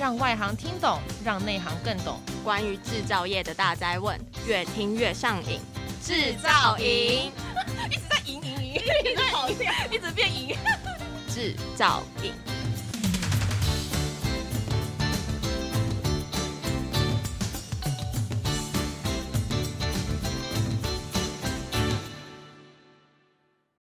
讓外行聽懂，讓內行更懂。關於製造業的大哉問，越聽越上癮。製造營一直在贏贏贏，一直在跑一點，一直，一 一直變贏。制 造營。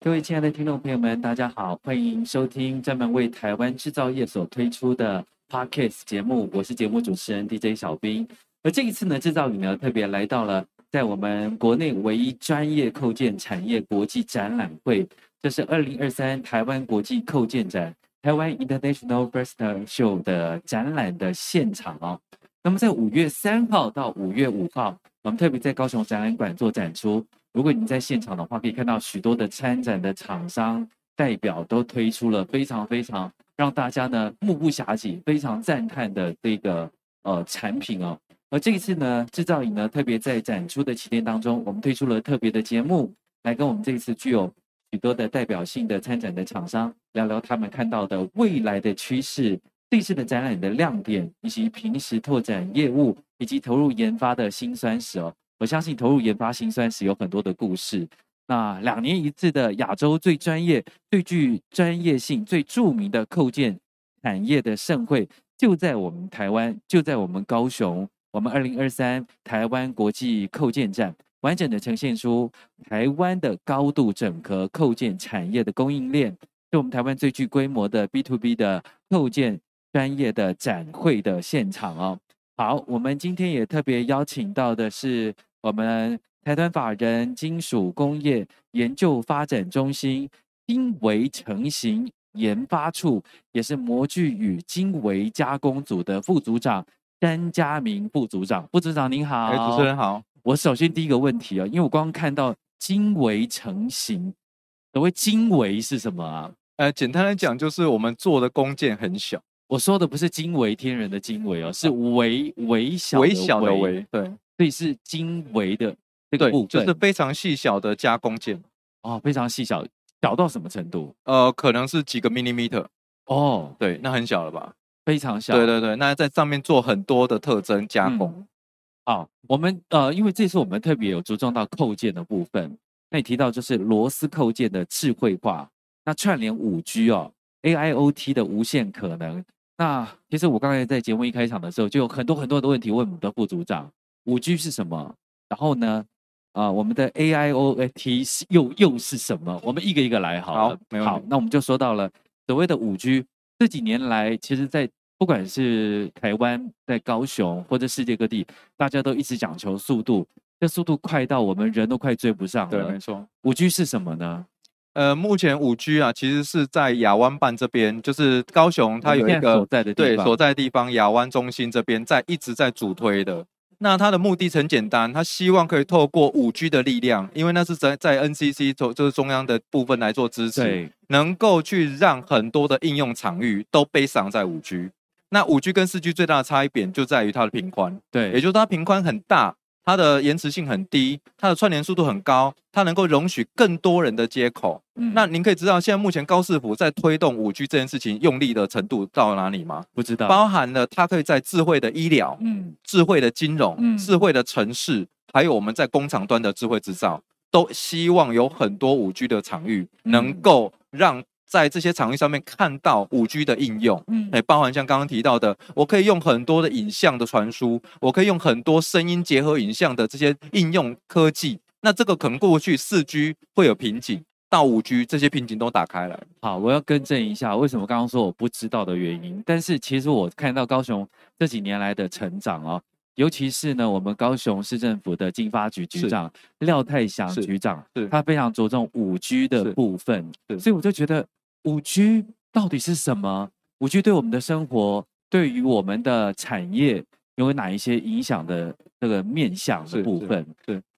各位親愛的聽眾朋友們，大家好，歡迎收聽專門為台灣製造業所推出的。Podcast 節目，我是節目主持人 DJ 小兵。而這一次呢，製造你呢特別來到了在我們國內唯一，專業扣件產業國際展覽會，這、就是二零二三台灣國際扣件展（台灣 International Fastener Show） 的展覽的現場哦。那麼在五月三號到五月五號，我們特別在高雄展覽館做展出。如果你在現場的話，可以看到許多的參展的廠商代表都推出了非常非常，讓大家呢目不暇給、非常讚嘆的這個呃產品哦。而這一次呢，制造影呢特別在展出的期間當中，我們推出了特別的節目，來跟我們這一次具有許多的代表性的參展的廠商聊聊他們看到的未來的趨勢、這次的展覽的亮點，以及平時拓展業務以及投入研發的辛酸史哦。我相信投入研發辛酸史有很多的故事。那、啊、兩年一次的亞洲最專業、最具專業性、最著名的扣件產業的盛會，就在我們台灣，就在我們高雄。我們二零二三台灣國際扣件展，完整地呈現出台灣的高度整合扣件產業的供應鏈，是我們台灣最具規模的 B to B 的扣件專業的展會的現場哦。好，我們今天也特別邀請到的是我們。財團法人金屬工業研究發展中心精微成型研發處，也是模具與精微加工組的副組長詹家銘副組長。副組長您好，哎、欸，主持人好，我首先第一個問題啊、哦，因為我剛剛看到精微成型，所謂精微是什麼啊？呃，簡單來講就是我們做的工件很小。我說的不是驚為天人的驚維哦，是微，微小的微，微，小的微，對，對，所以是精微的。這個、對，就是非常細小的加工件哦，非常細小，小到什麼程度？呃，可能是幾個 millimeter 哦，對，那很小了吧？非常小。對對對，那在上面做很多的特徵加工。嗯、哦，我們呃，因為這次我們特別有着重到扣件的部分。那你提到就是螺絲扣件的智慧化，那串聯五 G 哦，A I O T 的無限可能。那其實我剛才在節目一開場的時候，就有很多很多的問題問我們的副組長，五 G 是什麼？然後呢？啊，我們的 AIoT 是又又是什麼？我們一個一個來，好。好，沒問題。好，那我們就說到了所謂的五 G。這幾年來，其實在，在不管是台灣，在高雄，或者世界各地，大家都一直講求速度。這速度快到我們人都快追不上了。嗯，對，沒錯。五 G 是什麼呢？呃，目前五 G 啊，其實是在亞灣辦這邊，就是高雄，它有一個對所在的地方，對所在的地方亞灣中心這邊在一直在主推的。嗯那它的目的很簡單，他希望可以透過五 G 的力量，因為那是在在 NCC，就是中央的部分來做支持，能夠去讓很多的應用場域都被上在五 G。那五 G 跟四 G 最大的差別點就在於它的頻寬，對，也就是它頻寬很大。它的延遲性很低，它的串聯速度很高，它能夠容許更多人的接口。嗯、那您可以知道，現在目前高市府在推動五 G 這件事情用力的程度到哪裡嗎？不知道，包含了它可以在智慧的醫療、嗯、智慧的金融、嗯、智慧的城市，還有我們在工廠端的智慧製造，都希望有很多五 G 的場域，能夠讓。在這些場域上面看到五 G 的應用，嗯，包含像剛剛提到的，我可以用很多的影像的傳輸，我可以用很多聲音結合影像的這些應用科技，那這個可能過去四 G 會有瓶頸，到五 G 這些瓶頸都打開了。好，我要更正一下，為什麼剛剛說我不知道的原因？但是其實我看到高雄這幾年來的成長哦，尤其是呢，我們高雄市政府的經發局局長廖泰祥局長，他非常着重五 G 的部分，所以我就覺得。5G 到底是什麼？5G 對我們的生活，對於我們的產業，有哪一些影響的那、這個面向的部分？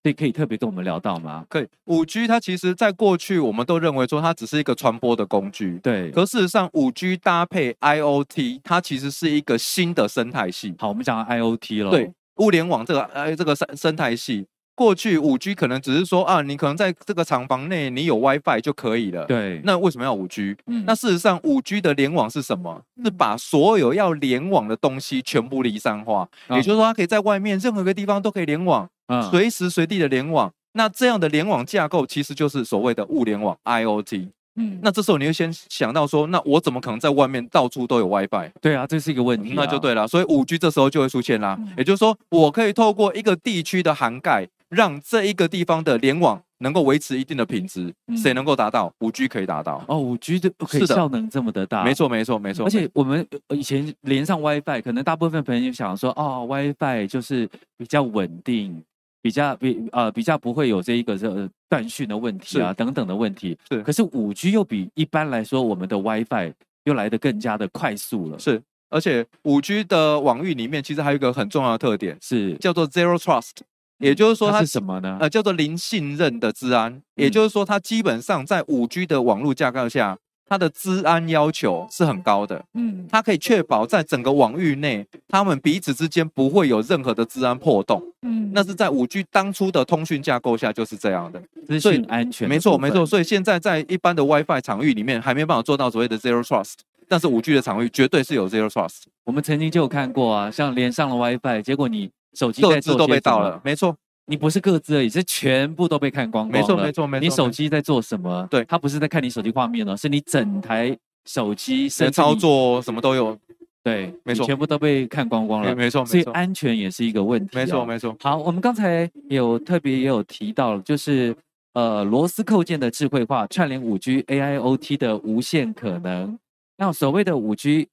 對，可以可以特別跟我們聊到嗎？可以，5G 它其實在過去我們都認為說它只是一個傳播的工具，對。可事實上，5G 搭配 IoT，它其實是一個新的生態系。好，我們講到 IoT 了，對，物聯網這個 I、呃、這個生生態系。過去五 G 可能只是說啊，你可能在這個廠房內你有 WiFi 就可以了。對，那為什麼要五 G？嗯，那事實上五 G 的聯網是什麼、嗯？是把所有要聯網的東西全部離散化、嗯，也就是說它可以在外面任何一個地方都可以聯網，隨、嗯、時隨地的聯網、嗯。那這樣的聯網架構其實就是所謂的物聯網 IoT。嗯，那這時候你會先想到說，那我怎麼可能在外面到處都有 WiFi？對啊，這是一個問題、啊。那就對了，所以五 G 這時候就會出現啦。嗯、也就是說，我可以透過一個地區的涵蓋。讓這一個地方的聯網能夠維持一定的品質，嗯、誰能夠達到？五 G 可以達到哦。五 G 的可以、okay, 效能這麼的大？沒錯，沒錯，沒錯。而且我們以前連上 WiFi，可能大部分朋友想說，哦，WiFi 就是比較穩定，比較比呃比較不會有這一個這斷訊的問題啊是等等的問題。是，可是五 G 又比一般來說我們的 WiFi 又來得更加的快速了。是。而且五 G 的網域裡面其實還有一個很重要的特點是叫做 Zero Trust。也就是說它，它是什麼呢？呃，叫做零信任的資安、嗯。也就是說，它基本上在五 G 的網絡架構下，它的資安要求是很高的。嗯，它可以確保在整個網域內，他們彼此之間不會有任何的資安破洞。嗯，那是在五 G 當初的通訊架構下，就是這樣的，這是最安全沒。沒錯，沒錯。所以現在在一般的 WiFi 場域裡面，還沒辦法做到所謂的 Zero Trust，但是五 G 的場域絕對是有 Zero Trust。我們曾經就有看過啊，像連上了 WiFi，結果你。手機在做各自都被盜了，沒錯，你不是各自而已，是全部都被看光光了。沒錯，沒錯，沒錯。你手機在做什麼？對，它不是在看你手機畫面哦，是你整台手機身操作什麼都有。對，沒錯，全部都被看光光了沒。沒錯，沒錯。所以安全也是一個問題啊。沒錯，沒錯。好，我們剛才有特別也有提到就是呃螺絲扣件的智慧化，串聯 5G AIoT 的無限可能。那所謂的 5G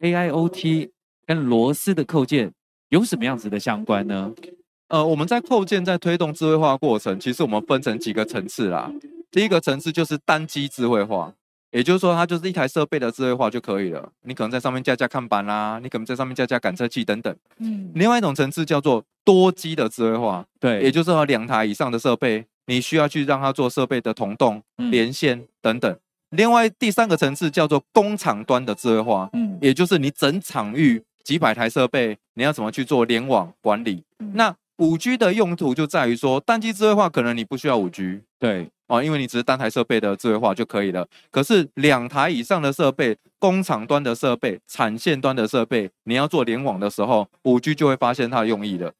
AIoT 跟螺絲的扣件有什麼樣子的相關呢？嗯嗯嗯嗯、呃，我們在扣件在推動智慧化過程，其實我們分成幾個層次啦。第一個層次就是單機智慧化，也就是說它就是一台設備的智慧化就可以了。你可能在上面架架看板啦、啊，你可能在上面架架感測器等等。嗯。另外一種層次叫做多機的智慧化，對，也就是兩台以上的設備，你需要去讓它做設備的同動、嗯、連線等等。另外第三個層次叫做工廠端的智慧化，嗯，也就是你整場域。幾百台設備，你要怎麼去做聯網管理？那 5G 的用途就在於說，單機智慧化可能你不需要 5G，對，哦，因為你只是單台設備的智慧化就可以了。可是兩台以上的設備，工廠端的設備、產線端的設備，你要做聯網的時候，5G 就會發現它的用意了。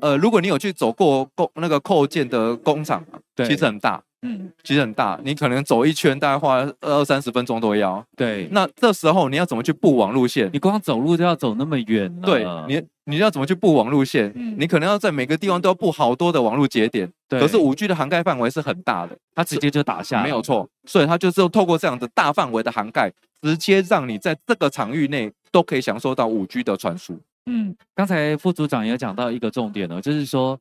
呃，如果你有去走過工那個扣件的工廠，對，其實很大。嗯，其實很大，你可能走一圈大概花二三十分鐘都要。對，那這時候你要怎麼去布網路線？你光走路就要走那麼遠啊，對，你，你要怎麼去布網路線？嗯，你可能要在每個地方都要布好多的網路節點。對，可是五 G 的涵蓋範圍是很大的，它直接就打下。沒有錯。所以它就是透過這樣的大範圍的涵蓋，直接讓你在這個場域內都可以享受到五 G 的傳輸。嗯，剛才副組長也講到一個重點了，就是說。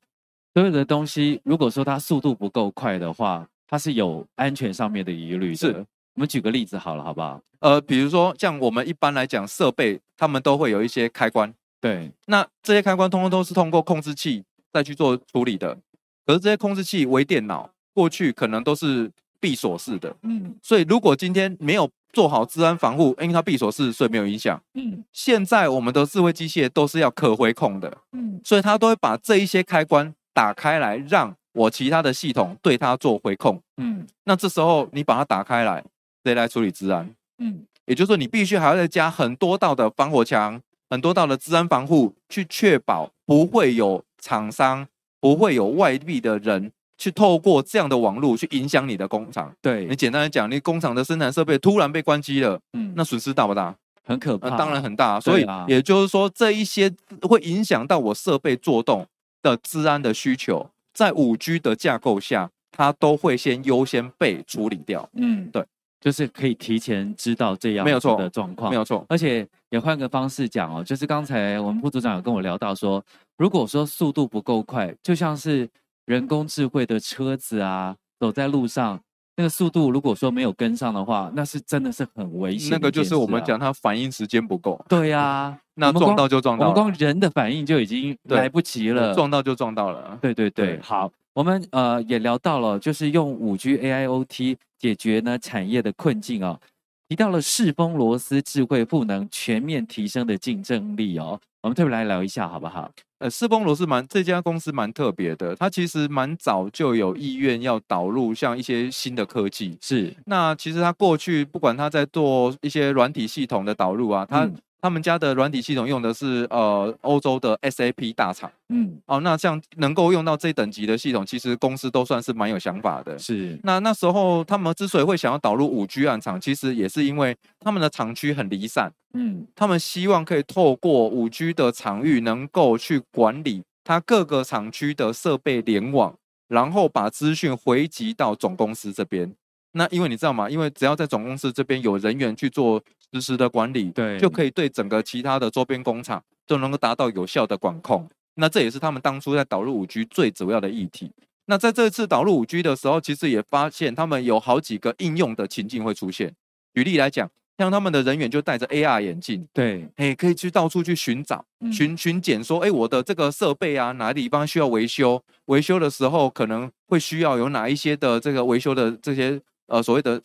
所有的東西，如果說它速度不夠快的話，它是有安全上面的疑慮。是，我們舉個例子好了，好不好？呃，比如說像我們一般來講，設備它們都會有一些開關，對。那這些開關通通都是通過控制器再去做處理的。可是這些控制器微電腦過去可能都是閉鎖式的，嗯。所以如果今天沒有做好資安防護，因為它閉鎖式，所以沒有影響，嗯。現在我們的智慧機械都是要可回控的，嗯。所以它都會把這一些開關。打開來，讓我其他的系統對它做回控。嗯，那這時候你把它打開來，誰來處理資安？嗯，也就是說你必須還要再加很多道的防火牆，很多道的資安防護，去確保不會有廠商，嗯、不會有外幣的人去透過這樣的網路去影響你的工廠。對，你簡單來講，你工廠的生產設備突然被關機了，嗯，那損失大不大？很可怕，呃、當然很大。所以也就是說，這一些會影響到我設備作動。的治安的需求，在五 G 的架構下，它都會先優先被處理掉。嗯，對，就是可以提前知道這樣沒有錯的狀況，沒有錯。而且也換個方式講哦，就是剛才我們副組長有跟我聊到說，如果說速度不夠快，就像是人工智慧的車子啊，走在路上那個速度，如果說沒有跟上的話，那是真的是很危險、啊。那個就是我們講它反應時間不夠。嗯、對呀、啊。那撞到就撞到，光，光人的反應就已經來不及了。撞到就撞到了。對對對，對好，我們呃也聊到了，就是用 5G AIoT 解決呢產業的困境哦，提到了世峰螺絲智慧賦能，全面提升的競爭力哦，我們特別來聊一下好不好？呃，世峰螺絲蠻這家公司蠻特別的，它其實蠻早就有意願要導入像一些新的科技。是。那其實它過去不管它在做一些軟體系統的導入啊，它，嗯。他們家的軟體系統用的是呃歐洲的 SAP 大廠，嗯，哦，那像能夠用到這等級的系統，其實公司都算是蠻有想法的。是，那那時候他們之所以會想要導入 5G 案場，其實也是因為他們的廠區很離散，嗯，他們希望可以透過 5G 的場域，能夠去管理他各個廠區的設備聯網，然後把資訊回集到總公司這邊。那因為你知道嗎？因為只要在總公司這邊有人員去做。實時的管理，對，就可以對整個其他的周邊工廠都能夠達到有效的管控。那這也是他們當初在導入五 G 最主要的議題。那在這次導入五 G 的時候，其實也發現他們有好幾個應用的情境會出現。舉例來講，像他們的人員就戴着 AR 眼鏡，對，誒，可以去到處去尋找、巡巡檢說，說，我的這個設備啊，哪裡方需要維修？維修的時候可能會需要有哪一些的這個維修的這些呃所謂的。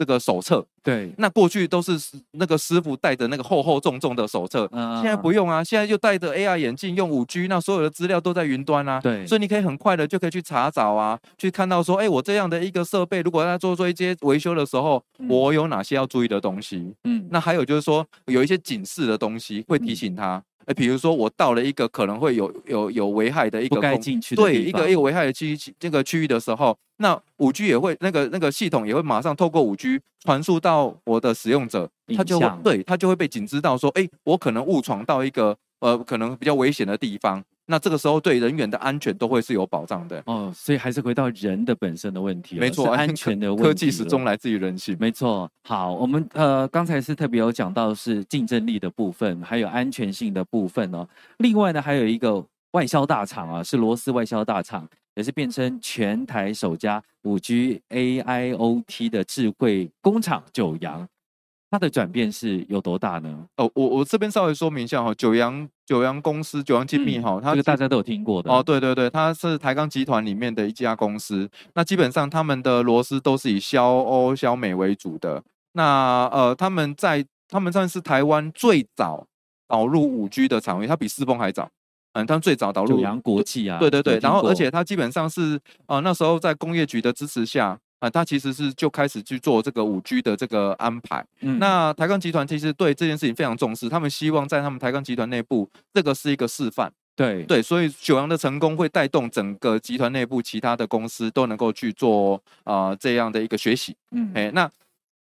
這個手冊，對，那過去都是那個師傅帶着那個厚厚重重的手冊，啊，現在不用啊，現在就戴着 AR 眼鏡，用五 G，那所有的資料都在雲端啊，對，所以你可以很快的就可以去查找啊，去看到說，哎、欸，我這樣的一個設備，如果要做做一些維修的時候，我有哪些要注意的東西？嗯，那還有就是說，有一些警示的東西會提醒他。嗯比如說，我到了一個可能會有有有危害的一個的，不該進去。對，一個有危害的區這個區域的時候，那五 G 也會那個那個系統也會馬上透過五 G 傳輸到我的使用者，他就會對他就會被警知到說，哎，我可能誤闖到一個呃可能比較危險的地方。那這個時候對人員的安全都會是有保障的哦，所以還是回到人的本身的問題，哦，沒錯，安全的問題，科技始終來自於人性，沒錯。好，我們呃剛才是特別有講到是競爭力的部分，還有安全性的部分哦。另外呢，還有一個外銷大廠啊，是螺絲外銷大廠，也是變成全台首家 5G AIoT 的智慧工廠九陽，它的轉變是有多大呢？哦，我我這邊稍微說明一下哈，哦，九陽。九陽公司、九陽精密，哈、嗯，這個大家都有聽過的哦。對對對，它是台鋼集團裡面的一家公司。那基本上他們的螺絲都是以銷歐、銷美為主的。那呃，他們在他們算是台灣最早導入五 G 的產業，它比世豐還早。嗯，他們最早導入九陽國際啊。對對對，對然後而且它基本上是呃，那時候在工業局的支持下。啊，他其實是就開始去做這個五 G 的這個安排。嗯，那台鋼集團其實對這件事情非常重視，他們希望在他們台鋼集團內部，這個是一個示範。對對，所以九陽的成功會帶動整個集團內部其他的公司都能夠去做啊、呃、這樣的一個學習。嗯，哎，那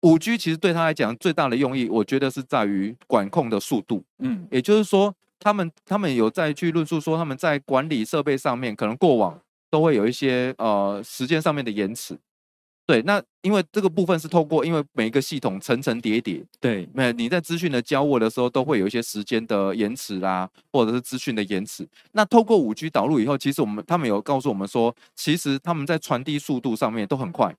五 G 其實對他來講最大的用意，我覺得是在於管控的速度。嗯，也就是說，他們他們有在去論述說，他們在管理設備上面，可能過往都會有一些呃時間上面的延遲。對，那因為這個部分是透過，因為每一個系統層層疊疊、疊，對，那你在資訊的交握的時候，都會有一些時間的延遲啦、啊，或者是資訊的延遲。那透過 5G 導入以後，其實我們他們有告訴我們說，其實他們在傳遞速度上面都很快，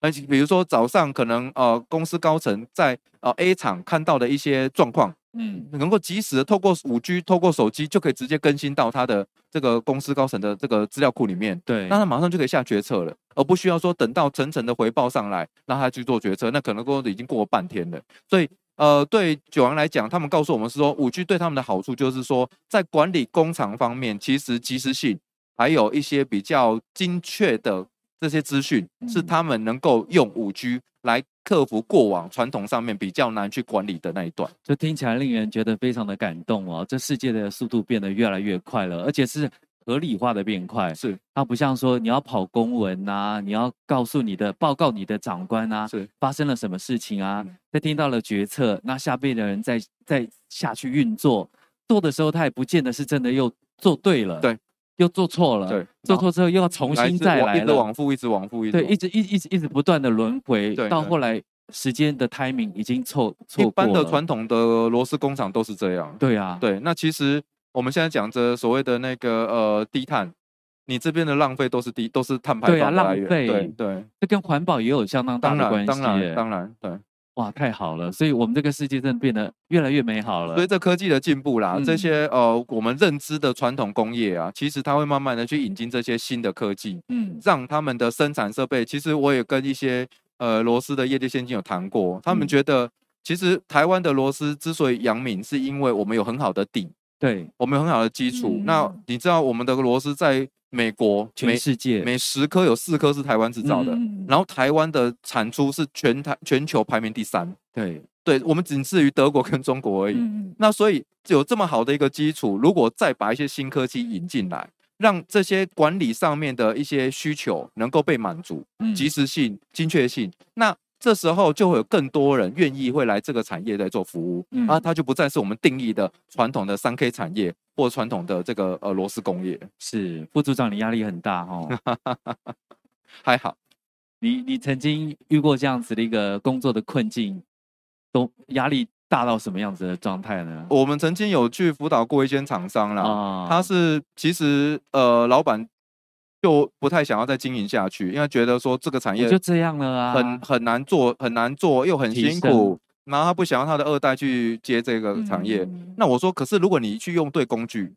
而且比如說早上可能呃公司高層在呃 A 廠看到的一些狀況。嗯，能夠及時的透過 5G，透過手機就可以直接更新到他的這個公司高層的這個資料庫裡面。對，那他馬上就可以下決策了，而不需要說等到層層的回報上來，讓他去做決策，那可能都已經過了半天了。所以，呃，對九陽來講，他們告訴我們是說，5G 對他們的好處就是說，在管理工廠方面，其實即時性還有一些比較精確的。這些資訊是他們能夠用五 G 來克服過往傳統上面比較難去管理的那一段。這聽起來令人覺得非常的感動哦！這世界的速度變得越來越快了，而且是合理化的變快。是，它不像說你要跑公文吶、啊，你要告訴你的報告你的長官啊，是發生了什麼事情啊、嗯？再聽到了決策，那下邊的人再在，在下去運作，多的時候他也不見得是真的又做對了。對。又做錯了，對，做錯之後又要重新再來，來一，一直往復，一直往復，一直。對，一直一一直一直，一直不斷的輪迴，對，到後來時間的 timing 已經錯湊過了。一般的傳統的螺絲工廠都是這樣，對啊，對。那其實我們現在講着所謂的那個呃低碳，你這邊的浪費都是低，都是碳排放對。來源，對啊，這跟環保也有相當大的關係，當然，當然，對。哇，太好了！所以我們這個世界真的變得越來越美好了。所以這科技的進步啦，嗯、這些呃，我們認知的傳統工業啊，其實它會慢慢的去引進這些新的科技，嗯，讓他們的生產設備。其實我也跟一些呃螺絲的業界先進有談過，他們覺得、嗯、其實台灣的螺絲之所以揚名，是因為我們有很好的底，對，我們有很好的基礎、嗯。那你知道我們的螺絲在？美國，全世界每十顆有四顆是台灣製造的，嗯，然後台灣的產出是全台全球排名第三，對，對我們僅次於德國跟中國而已。嗯，那所以有這麼好的一個基礎，如果再把一些新科技引進來，嗯，讓這些管理上面的一些需求能夠被滿足，嗯，及時性、精確性，那這時候就會有更多人願意會來這個產業來做服務，嗯，啊，它就不再是我們定義的傳統的三 K 產業。或傳統的這個呃螺絲工業。是副組長，你壓力很大哦？ 還好。你你曾經遇過這樣子的一個工作的困境，都壓力大到什麼樣子的狀態呢？我們曾經有去輔導過一間廠商啦，他、嗯、是其實呃老闆就不太想要再經營下去，因為覺得說這個產業就這樣了啊，很很難做，很難做又很辛苦。然後他不想要他的二代去接這個產業。嗯、那我說，可是如果你去用對工具，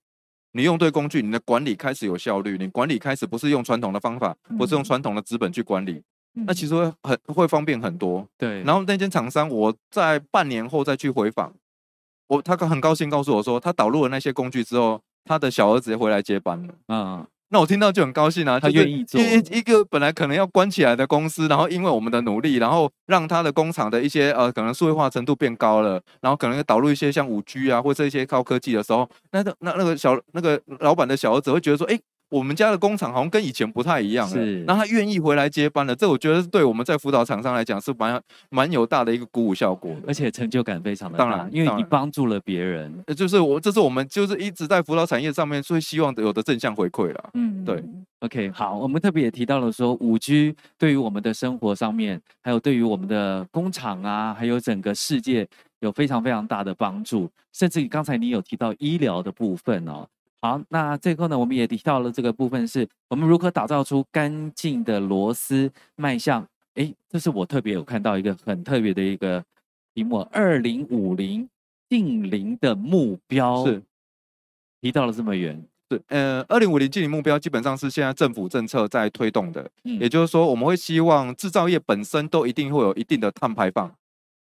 你用對工具，你的管理開始有效率，你管理開始不是用傳統的方法，嗯、不是用傳統的資本去管理，嗯、那其實會很會方便很多。對。然後那間廠商，我在半年後再去回訪，我他很很高興告訴我說，他導入了那些工具之後，他的小兒子也回來接班了。嗯。那我聽到就很高興啊！他願意做一一個本來可能要關起來的公司，然後因為我們的努力，然後讓他的工廠的一些呃可能數位化程度變高了，然後可能又導入一些像 5G 啊或這一些高科技的時候，那那那，那個小那個老闆的小兒子會覺得說，誒、欸。我們家的工廠好像跟以前不太一樣了，是，那他願意回來接班了，這我覺得是對我們在輔導廠商來講是蠻蠻有大的一個鼓舞效果，而且成就感非常的大。當然，因為你幫助了別人，呃，就是我這是我們就是一直在輔導產業上面最希望有的正向回饋了。嗯，對。OK，好，我們特別也提到了說，5G 對於我們的生活上面，還有對於我們的工廠啊，還有整個世界有非常非常大的幫助，甚至剛才你有提到醫療的部分哦。好，那最後呢，我們也提到了這個部分是，是我們如何打造出乾淨的螺絲邁向，哎，這是我特別有看到一個很特別的一個題目，二零五零淨零的目標是提到了這麼遠。對，呃，二零五零淨零目標基本上是現在政府政策在推動的，嗯，也就是說，我們會希望制造業本身都一定會有一定的碳排放。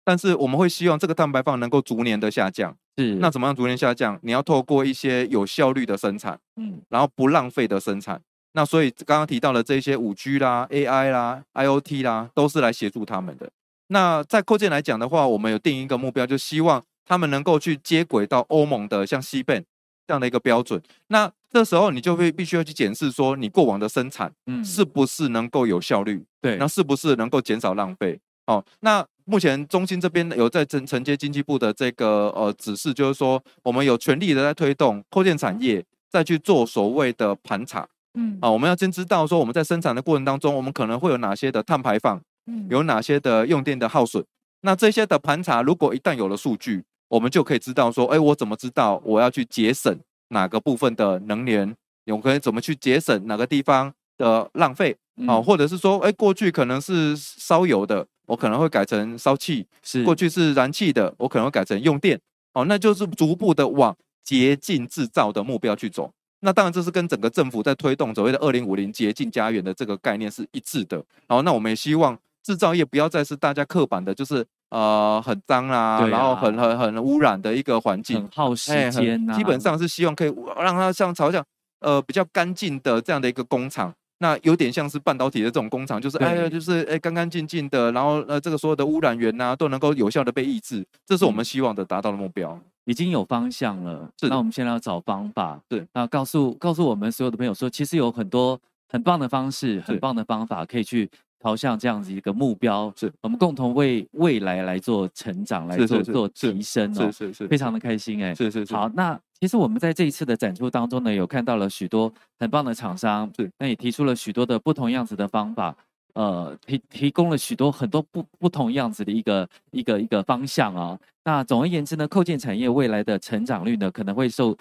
但是我們會希望這個碳排放能夠逐年的下降，嗯，那怎麼樣逐年下降？你要透過一些有效率的生產，嗯，然後不浪費的生產。那所以剛剛提到的這些 5G 啦、AI 啦、IoT 啦，都是來協助他們的。那在扣件來講的話，我們有定一個目標，就希望他們能夠去接軌到歐盟的像 CBAM 這樣的一個標準。那這時候你就會必須要去檢視說，你過往的生產，嗯，是不是能夠有效率？嗯、對，那是不是能夠減少浪費？哦，那。目前，中心這邊有在承承接經濟部的這個呃指示，就是說我們有全力的在推動扣件產業，再去做所謂的盤查。嗯，啊，我們要先知道說我們在生產的過程當中，我們可能會有哪些的碳排放，有哪些的用電的耗損。那這些的盤查，如果一旦有了數據，我們就可以知道說，哎，我怎麼知道我要去節省哪個部分的能源，我可以怎麼去節省哪個地方的浪費啊？或者是說，哎，過去可能是燒油的。我可能會改成燒氣，是過去是燃氣的，我可能會改成用電，哦，那就是逐步的往潔淨制造的目標去走。那當然這是跟整個政府在推動所謂的二零五零潔淨家園的這個概念是一致的。好、哦，那我們也希望制造業不要再是大家刻板的，就是呃很髒啦、啊啊，然後很很很污染的一個環境，很耗時間、啊欸，基本上是希望可以讓它像朝向呃比較乾淨的這樣的一個工廠。那有點像是半導體的這種工廠，就是哎，就是哎，乾乾淨淨的，然後呃，這個所有的污染源吶、啊、都能夠有效的被抑制，這是我們希望的達到的目標，嗯、已經有方向了。是，那我們現在要找方法。是，那告訴告訴我們所有的朋友說，其實有很多很棒的方式，很棒的方法可以去朝向這樣子一個目標。是，我們共同為未來來做成長，來做做提升、哦、是是是，非常的開心哎、欸。是是是，好那。其實我們在這一次的展出當中呢，有看到了許多很棒的廠商，對，那也提出了許多的不同樣子的方法，呃，提提供了許多很多不不同樣子的一個一個一個方向啊、哦。那總而言之呢，扣件產業未來的成長率呢，可能會受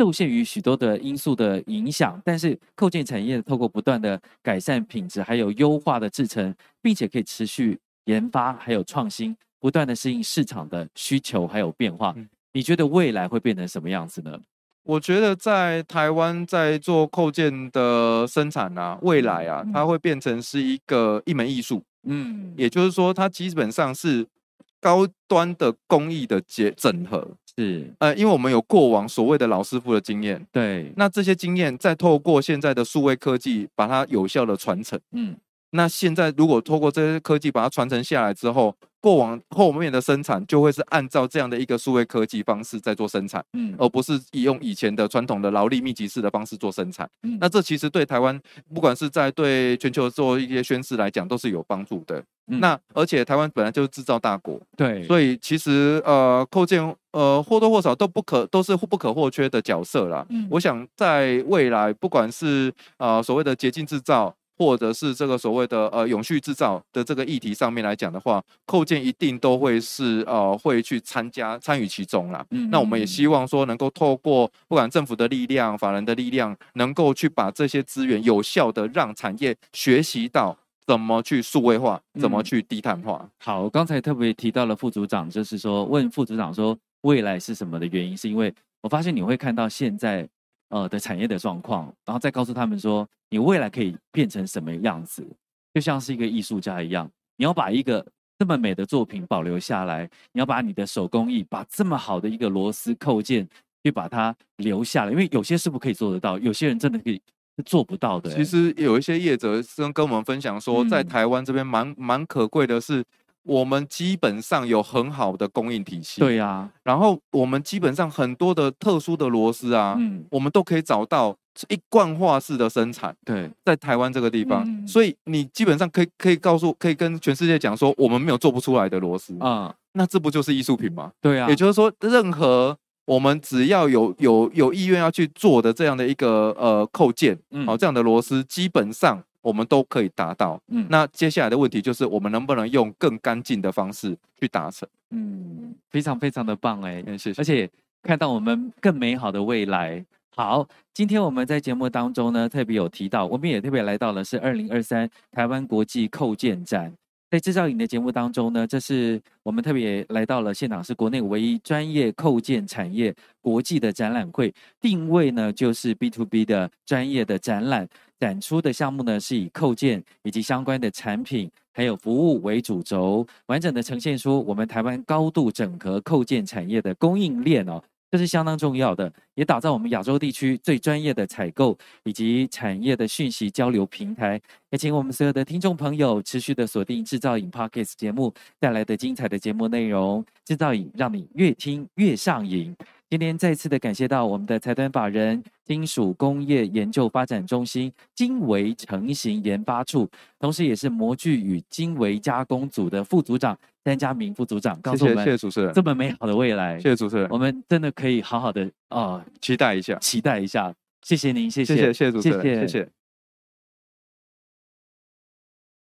受限於許多的因素的影響，但是扣件產業透過不斷的改善品質，還有優化的製程，並且可以持續研發還有創新，不斷的適應市場的需求還有變化。嗯你覺得未來會變成什麼樣子呢？我覺得在台灣在做扣件的生產啊，未來啊，它會變成是一個、嗯、一門藝術。嗯，也就是說，它基本上是高端的工藝的結整合。是，呃，因為我們有過往所謂的老師傅的經驗。對，那這些經驗再透過現在的數位科技，把它有效的傳承。嗯。那現在如果透過這些科技把它傳承下來之後，過往後面的生產就會是按照這樣的一個數位科技方式在做生產，嗯、而不是以用以前的傳統的勞力密集式的方式做生產。嗯、那這其實對台灣，不管是在對全球做一些宣示來講，都是有幫助的、嗯。那而且台灣本來就是製造大國，對，所以其實呃，扣件、呃，或多或少都不可都是不可或缺的角色啦。嗯、我想在未來，不管是呃，所謂的潔淨製造。或者是這個所謂的呃永續制造的這個議題上面來講的話，扣件一定都會是呃會去參加參與其中啦、嗯。那我們也希望說能夠透過不管政府的力量、法人的力量，能夠去把這些資源有效的讓產業學習到怎麼去數位化、怎麼去低碳化。嗯、好，我剛才特別提到了副組長，就是說問副組長說未來是什麼的原因，是因為我發現你會看到現在。呃的產業的狀況，然後再告訴他們說，你未來可以變成什麼樣子，就像是一個藝術家一樣，你要把一個這麼美的作品保留下來，你要把你的手工藝，把這麼好的一個螺絲扣件，去把它留下來，因為有些師傅可以做得到，有些人真的可以是做不到的、欸。其實有一些業者跟跟我們分享說，嗯、在台灣這邊蠻蠻可貴的是。我們基本上有很好的供應體系。對呀、啊，然後我們基本上很多的特殊的螺絲啊、嗯，我們都可以找到一貫化式的生產。對，在台灣這個地方、嗯，所以你基本上可以可以告訴，可以跟全世界講說，我們沒有做不出來的螺絲。嗯，那這不就是藝術品嗎？對呀、啊，也就是說，任何我們只要有有有意願要去做的這樣的一個呃扣件，嗯，好、哦，這樣的螺絲基本上。我們都可以達到，嗯，那接下來的問題就是，我們能不能用更乾淨的方式去達成？嗯，非常非常的棒。欸，哎，嗯，謝謝，而且看到我們更美好的未來。好，今天我們在節目當中呢，特別有提到，我們也特別來到了是二零二三台灣國際扣件展。在製造影的節目當中呢，這是我們特別來到了現場，是國內唯一專業扣件產業國際的展覽會，定位呢就是 B to B 的專業的展覽，展出的項目呢是以扣件以及相關的產品還有服務為主軸，完整的呈現出我們台灣高度整合扣件產業的供應鏈哦。這是相當重要的，也打造我們亞洲地區最專業的採購以及產業的訊息交流平台。也請我們所有的聽眾朋友持續的鎖定《製造癮》Podcast 節目帶來的精彩的節目內容，《製造癮》讓你越聽越上癮。今天再次的感謝到我們的財團法人金屬工業研究發展中心精微成型研發處，同時也是模具與精微加工組的副組長詹家銘副組長，謝謝告訴我們，謝謝主持人，這麼美好的未來，謝謝主持人，我們真的可以好好的啊、哦，期待一下，期待一下，謝謝您，謝謝，謝謝，謝，謝主持人，謝謝。謝謝